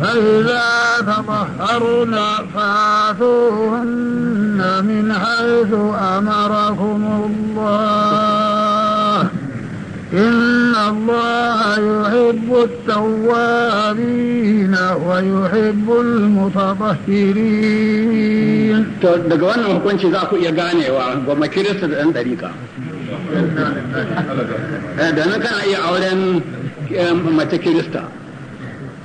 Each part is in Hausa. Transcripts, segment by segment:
فإذا تطهرنا فآتوهن من حيث أمركم الله إن الله يحب التوابين ويحب المتطهرين to daga wannan hukunci za ku iya ganewa goma kirista da ɗan ɗariƙa domin kana iya auren mace kirista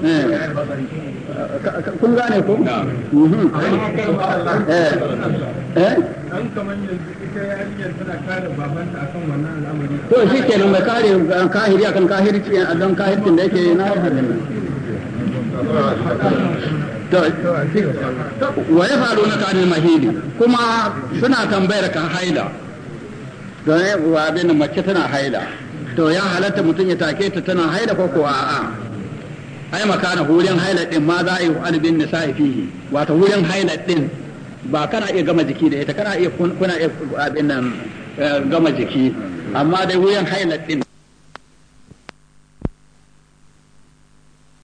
kun gane ko? Eh. Eh? Eh? to shi ke nan mai kare kahiri akan kahirci don kahircin da yake na harin wa ya faru na kanin mahidi kuma suna tambayar kan haida haila don wa bin mace tana haida to ya halatta mutum ya take ta tana haida ko ko a'a ai makana wurin hailat din ma za a yi albin nisa'i fihi wato wurin hailat din ba kana iya gama jiki da ita kana iya kuna iya abin nan eh, gama jiki amma dai wurin hailat din